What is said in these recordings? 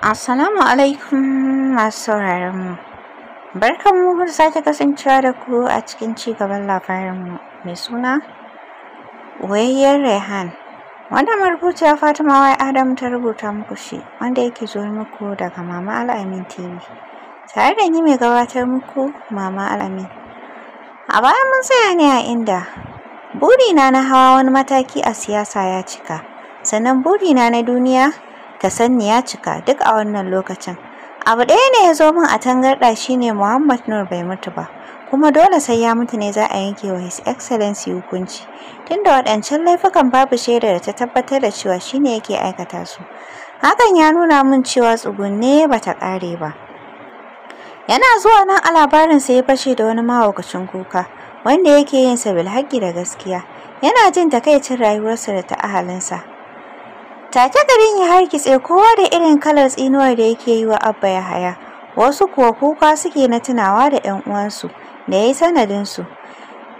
Assalamu alaikum masu mu. Barkan mu da sake kasancewa da ku a cikin cigaban gaban labarin mai suna wayar Rehan. Wanda marubuciya Fatima Wai Adam ta rubuta muku shi wanda yake zuwa muku daga Mama Al'amin TV. Tare da ni mai gabatar muku Mama Al'amin. A baya mun tsaya ne a inda burina na hawa wani mataki a siyasa ya cika. Sannan burina na duniya ta sanni ya cika duk a wannan lokacin abu ɗaya ne ya zo min a tangarɗa shine muhammad nur bai mutu ba kuma dole sai ya mutu ne za a yanke wa his excellency hukunci tunda waɗancan laifukan babu shaidar da ta tabbatar da cewa shine yake aikata su hakan ya nuna min cewa tsugunne ta ƙare ba yana zuwa nan a labarin sai ya fashe da wani mahaukacin kuka wanda yake yin sa haƙƙi da gaskiya yana jin takaicin rayuwarsa da ta ahalinsa take garin ya kitse kowa da irin kalar tsinuwar da yake yi wa abba ya haya wasu kuwa kuka suke na tunawa da 'yan uwansu da ya yi sanadinsu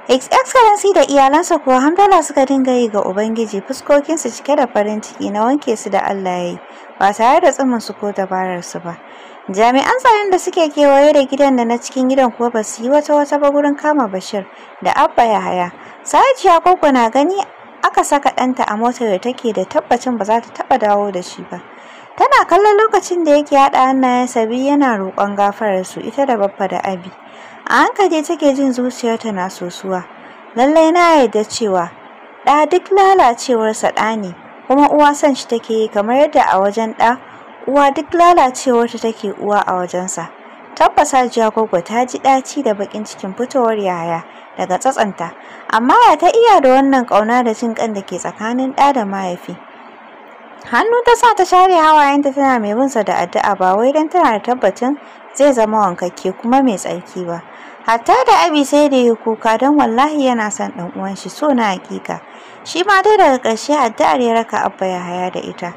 His Excellency da iyalansa kuwa hamdala suka dinga yi ga Ubangiji fuskokinsu cike da farin ciki na wanke su da Allah ya yi ba tare da tsumunsu ko dabararsu ba. Jami'an tsaron da suke kewaye da gidan da na cikin gidan kuwa ba su yi wata wata ba gurin kama Bashir da Abba Yahaya. Sahaji Yakubu na gani aka saka ɗanta a motar da take da tabbacin ba za ta taɓa dawo da shi ba tana kallon lokacin da yake haɗa hannayensa biyu yana roƙon gafararsu ita da babba da abi a hankali take jin zuciyarta na sosuwa lallai na yarda cewa ɗa duk lalacewarsa ɗa ne kuma uwa son shi take yi kamar yadda a wajen ɗa uwa duk lalacewarta take uwa a wajensa Tabbas Hajiya Goggo ta ji ɗaci da bakin cikin fitowar yaya daga tsatsanta, amma ya ta iya da wannan ƙauna da jin ƙan da ke tsakanin ɗa da mahaifi. Hannu ta sa ta share hawayenta tana mai binsa da addu'a ba wai don tana da tabbacin zai zama wankakke kuma mai tsarki ba. hatta da abi sai da ya kuka don wallahi yana son ɗan uwan shi so na hakika shi ma dai daga ƙarshe addu'ar ya raka abba yahaya da ita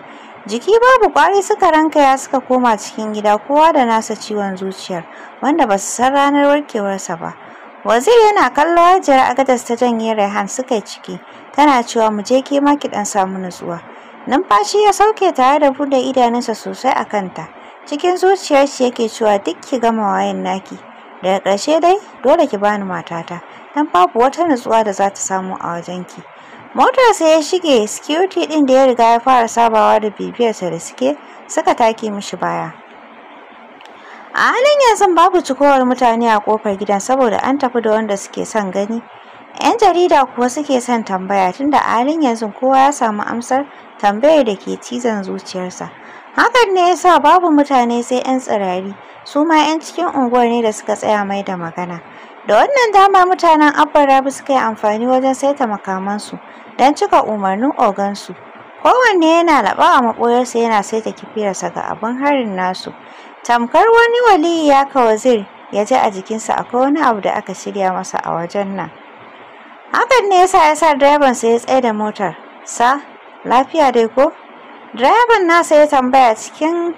jiki babu kwari suka rankaya suka koma cikin gida kowa da nasa ciwon zuciyar wanda ba su san ranar warkewarsa ba wazir yana kallo hajjar agadas ta janye raihan suka yi ciki tana cewa mu je ke ma ki dan samu nutsuwa numfashi ya sauke tare da bude idanunsa sosai a kanta cikin zuciyar shi yake cewa duk ki gama wayan naki daga ƙarshe dai dole ki bani matata dan babu wata nutsuwa da za ta samu a wajen ki Motar sai ya shige security din da ya riga ya fara sabawa da bibiyarsa da suke suka take mishi baya a halin yanzu babu cikowar mutane a kofar gidan saboda an tafi da wanda suke son gani 'yan jarida kuwa suke son tambaya tunda a halin yanzu kowa ya samu amsar tambayar da ke cizon zuciyarsa hakan ne yasa babu mutane sai 'yan tsirari su ma 'yan cikin unguwar ne da suka tsaya mai da magana Da wannan dama mutanen Abban Rabi suka yi amfani wajen saita makamansu don cika umarnin ogansu. Kowanne yana laɓa a maɓoyarsa yana saita kifiyarsa ga abin harin nasu. Tamkar wani waliyi ya kawazir ya ji a jikinsa akwai wani abu da aka shirya masa a wajen nan. Hakan ne yasa ya sa direbansa ya tsaye da motar. Sa, lafiya dai ko? Direban nasa ya tambaya cikin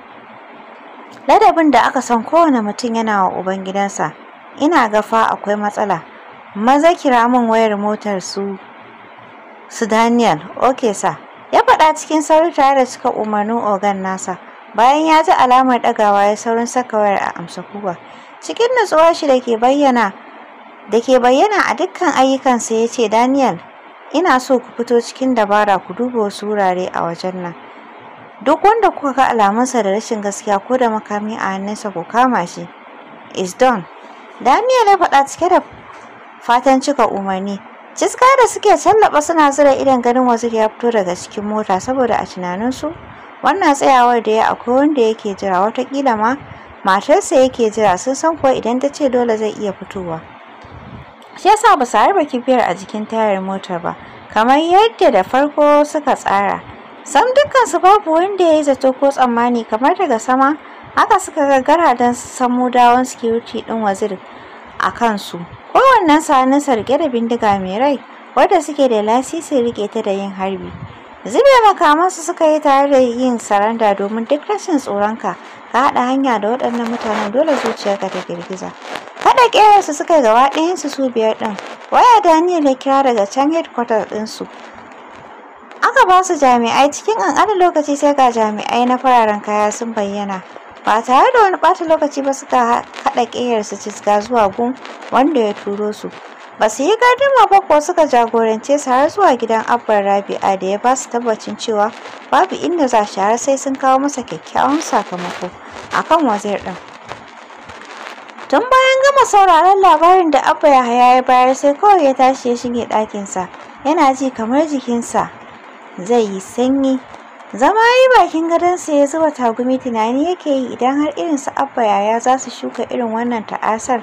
ladabin da aka san kowane mutum yana wa ubangidansa. ina ga fa akwai matsala maza kira min wayar motar su su daniel ok sa ya faɗa cikin sauri tare da cika umarnin ogan nasa bayan ya ji alamar ɗagawa ya saurin saka wayar a amsa kuwa cikin nutsuwa shi da ke bayyana da ke bayyana a dukkan ayyukansa ya ce daniel ina so ku fito cikin dabara ku duba wasu wurare a wajen nan duk wanda kuka ga alamunsa da rashin gaskiya ko da makami a hannunsa ku kama shi is done daniel ya faɗa cike da fatan cika umarni ciska da suke tallaba suna zira idan ganin wasu ya fito daga cikin mota saboda a tunaninsu wannan tsayawar da ya akwai wanda yake jira watakila ma matarsa yake jira sun san ko idan ta ce dole zai iya fitowa shi yasa ba sa harba kibiyar a jikin tayar mota ba kamar yadda da farko suka tsara sam dukkansu babu wanda ya yi zato ko tsammani kamar daga sama haka suka gaggara don samu dawon security ɗin wazir a kansu kowannen sanin sarge da bindiga mai rai wadda suke da lasisi rike ta da yin harbi zube makamansu suka yi tare da yin saranda domin duk rashin tsoronka ka haɗa hanya da waɗannan mutanen dole zuciyarka ta girgiza kada ƙerarsu suka yi gaba ɗayansu su biyar ɗin waya daniel ya kira daga can headquarters ɗinsu aka ba su jami'ai cikin ƙanƙanin lokaci sai ga jami'ai na fararen kaya sun bayyana ba tare da wani ɓata lokaci ba suka haɗa ƙeyarsu cisga zuwa gun wanda ya turo su ba su yi gardama ba ko suka jagorance su har zuwa gidan abban rabi'a da ya ba su tabbacin cewa babu inda za shi har sai sun kawo masa kyakkyawan sakamako akan wazir ɗin tun bayan gama sauraron labarin da abba ya haya ya bayar sai kawai ya tashi ya shige ɗakinsa yana ji kamar jikinsa zai yi sanyi zama yi bakin gadonsa ya zuba tagumi tunani yake yi idan har irin su abba yaya za su shuka irin wannan ta'asar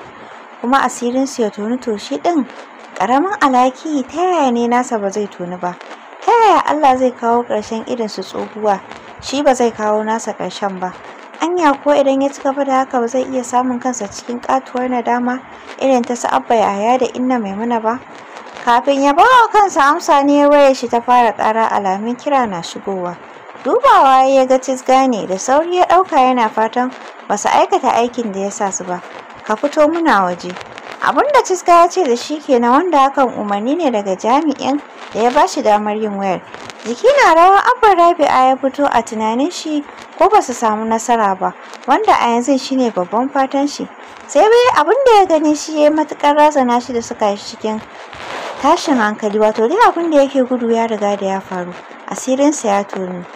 kuma asirinsu ya toni to shi ɗin ƙaramin alaki ta yaya ne nasa ba zai toni ba ta yaya allah zai kawo ƙarshen irin su tsohuwa shi ba zai kawo nasa ƙarshen ba anya ko idan ya ci gaba da haka ba zai iya samun kansa cikin katuwar nadama irin ta su abba yaya da inna maimuna ba kafin ya bawa kansa amsa ne wayar shi ta fara ƙara alamin kira na shigowa dubawa ya ga cizga ne da sauri ya ɗauka yana fatan ba su aikata aikin da ya sa su ba ka fito muna waje abin da cizga ya ce da shi ke na wanda hakan umarni ne daga jami'in da ya ba shi damar yin wayar jiki na rawa abin rabi'a ya fito a tunanin shi ko ba su samu nasara ba wanda a yanzu shi ne babban fatan shi sai bai abin da ya gani shi ya matukar razana shi da suka yi cikin tashin hankali wato dai abin da yake gudu ya riga da ya faru asirinsa ya tonu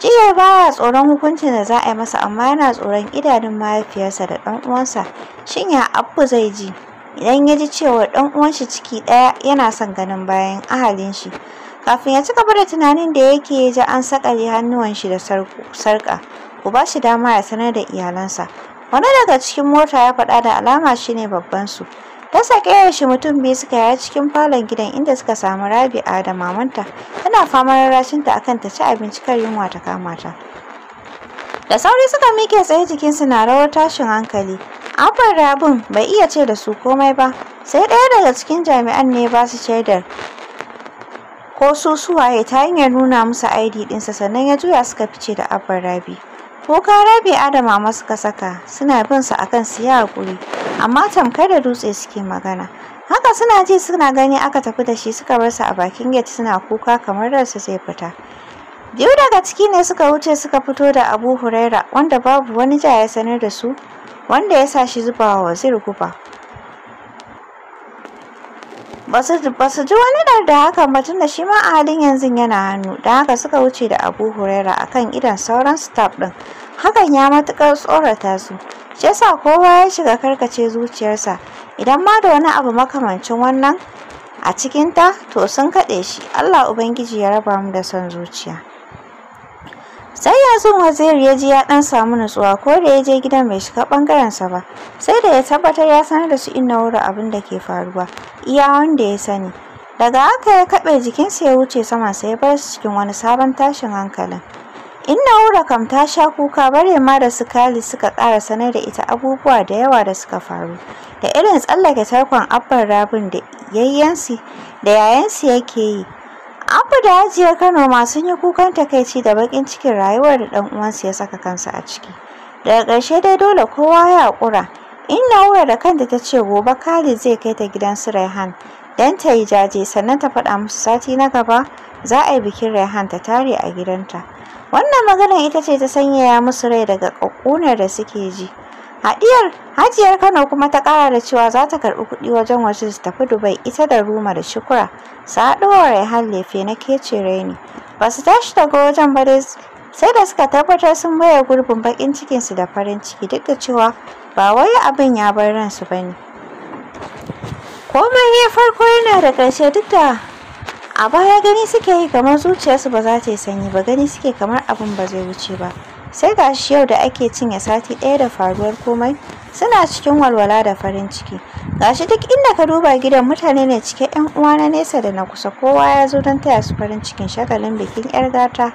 ba baya tsoron hukuncin da za a yi masa amma yana tsoron idanun mahaifiyarsa da ɗan uwansa. Shin ya Abu zai ji idan ya ji cewa ɗan uwan shi ciki ɗaya yana son ganin bayan ahalin shi. Kafin ya ci gaba da tunanin da yake ya ji an sakale hannuwan shi da sarƙa. Ku ba shi dama ya sanar da iyalansa. Wani daga cikin mota ya faɗa da alama shine babban su. ta sake shi mutum biyu suka yaya cikin falon gidan inda suka samu rabi'a da mamanta tana fama famar ta akan ta ci abinci kar yunwa ta kama ta da sauri suka mike tsaye jikinsu na rawar tashin hankali abin rabin bai iya ce da su komai ba sai ɗaya daga cikin jami'an ne ba su shaidar ko su suwaye ta hanyar nuna musu id ɗinsa sannan ya juya suka fice da abban rabi Kuka kara adama suka saka suna bin su akan su yi hakuri amma tamkar da dutse suke magana haka suna ji suna gani aka tafi da shi suka bar su a bakin gate suna kuka kamar ransu zai fita biyu daga ciki ne suka wuce suka fito da abu huraira wanda babu wani ja ya sanar da su wanda ya sa shi zubawa wazir guba basu ji wani da haka ba da shi ma a halin yanzu yana hannu da haka suka wuce da abu huraira kan idan sauran staff din hakan ya matukar tsorata su shi yasa kowa ya shiga karkace zuciyarsa idan ma da wani abu makamancin wannan a cikinta to sun kaɗe shi allah ubangiji ya raba mu da son zuciya sai ya zo mazir ya ji ya dan samu nutsuwa ko da ya je gidan bai shiga bangaren sa ba sai da ya tabbatar ya sanar da su inna wuri abin da ke faruwa iya wanda ya sani daga haka ya kaɓe jikinsa ya wuce sama sai ya bar su cikin wani sabon tashin hankalin inna wuri kam ta sha kuka bare ma da su kali suka ƙara sanar da ita abubuwa da yawa da suka faru da irin tsallake tarkon abban rabin da yayyansu da yayansu yake yi abu da Hajiyar Kano ma sun yi kukan takaici da bakin cikin rayuwar da dan uwansu ya saka kansa a ciki. Daga ƙarshe dai dole kowa ya haƙura. Inna wura da kanta ta ce gobe Khalid zai kai ta gidan su Raihan dan ta yi jaje sannan ta faɗa musu sati na gaba za a yi bikin Raihan ta tare a gidanta. Wannan maganar ita ce ta sanyaya musu rai daga ƙaƙƙunar da suke ji. Hadiyar Hajiyar Kano kuma ta kara da cewa za ta karɓi kuɗi wajen wasu su tafi Dubai ita da Ruma da Shukura su haɗu wa Lefe na kece raini. Ba su tashi daga wajen ba dai sai da suka tabbatar sun baya gurbin bakin cikin su da farin ciki duk da cewa ba wai abin ya bar ransu ba ne. Komai ne farko yana da ƙarshe duk da a baya gani suke yi kamar zuciyarsu ba za ta yi sanyi ba gani suke kamar abin ba zai wuce ba. sai gashi yau da ake cinye sati ɗaya da faruwar komai suna cikin walwala da farin ciki gashi duk inda ka duba gidan mutane ne cike yan uwa na nesa da na kusa kowa ya zo don taya su farin cikin shagalin bikin yar gata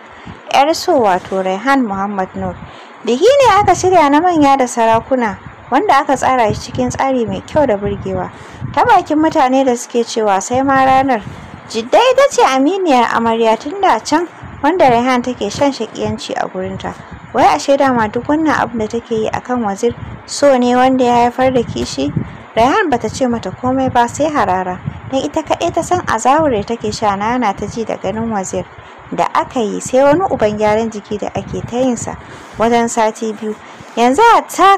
yar so wato raihan muhammad nur biki ne aka shirya na manya da sarakuna wanda aka tsara shi cikin tsari mai kyau da burgewa ta bakin mutane da suke cewa sai ma ranar jidda ita ce aminiyar amarya tun da can wanda raihan take shan shakiyanci a gurinta wai a ashe ma duk wannan abin da take yi akan wazir so ne wanda ya haifar da kishi ba bata ce mata komai ba sai harara dan ita kaɗai ta san da take sha nana ta ji da ganin wazir da aka yi sai wani uban gyaran jiki da ake ta yinsa wajen sati biyu yanzu ta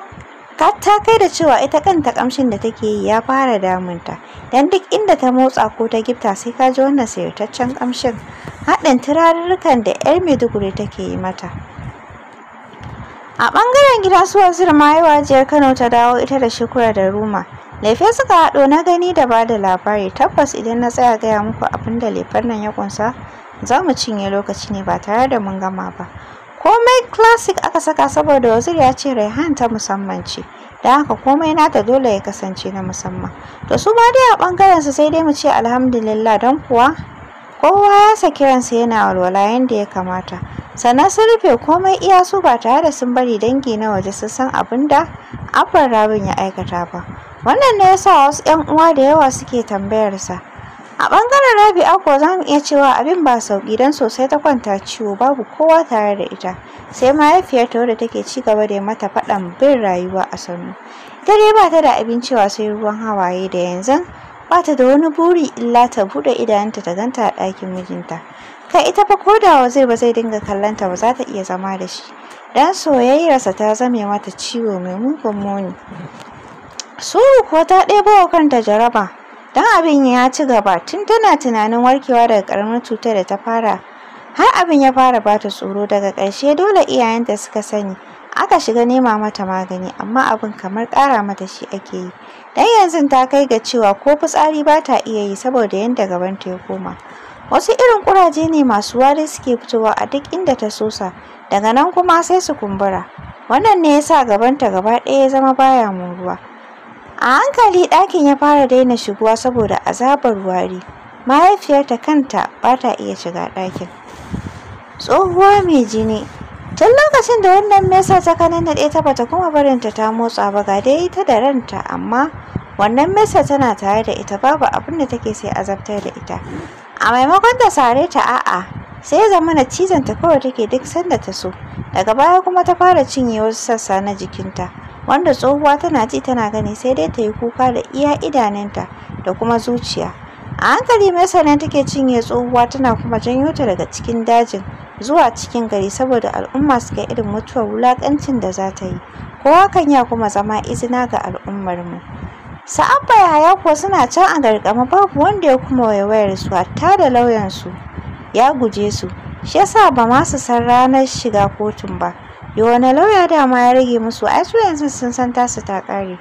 ta kai da cewa ita kanta kamshin da take yi ya fara damunta dan duk inda ta motsa ko ta gifta sai ka ji wannan sayataccen kamshin haɗin turarurrukan da yar maiduguri take yi mata a ɓangaren gida su wazir mawajiyar kano ta dawo ita da shekura da ruma lefe suka haɗo na gani da ba da labari tabbas idan na tsaya gaya muku abin da lefen nan ya kunsa za mu cinye lokaci ne ba tare da mun gama ba komai classic aka saka saboda wazir ya ce raihan ta musamman ce da haka komai na nata dole ya kasance na musamman to su ma dai a ɓangaren su sai dai mu ce alhamdulillah don kuwa kowa ya saki ransa yana walwala yadda ya kamata sannan sun rufe komai iya su ba tare da sun bari dangi na waje su san abin da abban rabin ya aikata ba wannan ne yasa wasu yan uwa da yawa suke tambayarsa a bangaren rabi ako za mu iya cewa abin ba sauƙi don sosai ta kwanta ciwo babu kowa tare da ita sai ma ta wadda take ci gaba da mata faɗan bin rayuwa a sannu ita dai ba ta da abin cewa sai ruwan hawaye da yanzu ba ta da wani buri illa ta buɗe idanunta ta ganta a ɗakin mijinta kai ita fa ko da zai ba zai dinga kallonta ba za ta iya zama da shi dan soyayyarsa ta zame mata ciwo mai mugun muni so kuwa ta ɗebo wa kanta jaraba dan abin ya ci gaba tun tana tunanin warkewa daga karamin cutar da ta fara har abin ya fara bata tsoro daga ƙarshe dole iyayenta suka sani aka shiga nema mata magani amma abin kamar ƙara mata shi ake yi dan yanzu ta kai ga cewa ko fitsari ba ta iya yi saboda yadda ta ya koma wasu irin ƙuraje ne masu wari suke fitowa a duk inda ta sosa daga nan kuma sai su kumbura wannan ne yasa gabanta gaba ɗaya ya zama baya ruwa. a hankali ɗakin ya fara daina shigowa saboda azabar wari mahaifiyarta kanta ba ta iya shiga ɗakin tsohuwa mai jini tun lokacin da wannan mesa ta kanan naɗe ta bata kuma barinta ta motsa ba ga dai ta da ranta amma wannan mesa tana tare da ita babu abin da take sai azabtar da ita a maimakon ta sare ta a'a sai ya zama na cizon ta kawai take duk sanda ta so daga baya kuma ta fara cinye wasu sassa na jikinta wanda tsohuwa tana ji tana gani sai dai ta yi kuka da iya idanunta da kuma zuciya a hankali mai sanan take cinye tsohuwa tana kuma janyo ta daga cikin dajin zuwa cikin gari saboda al'umma su ga irin mutuwar wulakancin da za ta yi ko hakan ya kuma zama izina ga al'ummarmu. Sa'abba yaya kuwa suna can a gargama babu wanda ya kuma waiwayar su hatta da lauyansu ya guje su shi yasa ba ma su san ranar shiga kotun ba yi wani lauya dama ya rage musu ai su yanzu sun san tasu ta kare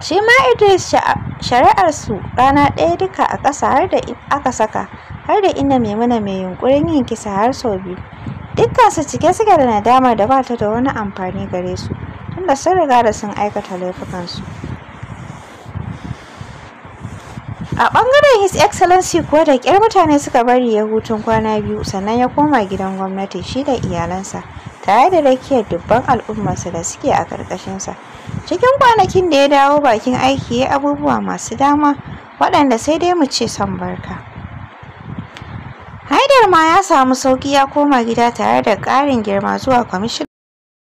shi ma Idris shari'ar su rana ɗaya duka a ƙasa har da aka saka har da inda Maimuna mai yunkurin yin kisa har sau biyu dukkan su cike suke da nadamar da ba ta da wani amfani gare su tunda sun riga da sun aikata laifukansu su a ɓangaren his excellency kuwa da kyar mutane suka bari ya hutun kwana biyu sannan ya koma gidan gwamnati shi da iyalansa tare da rakiyar dubban al'ummarsa da suke a ƙarƙashinsa cikin kwanakin da ya dawo bakin aiki ya abubuwa masu dama waɗanda sai dai mu ce son barka haidar ma ya samu sauƙi ya koma gida tare da ƙarin girma zuwa kwamishin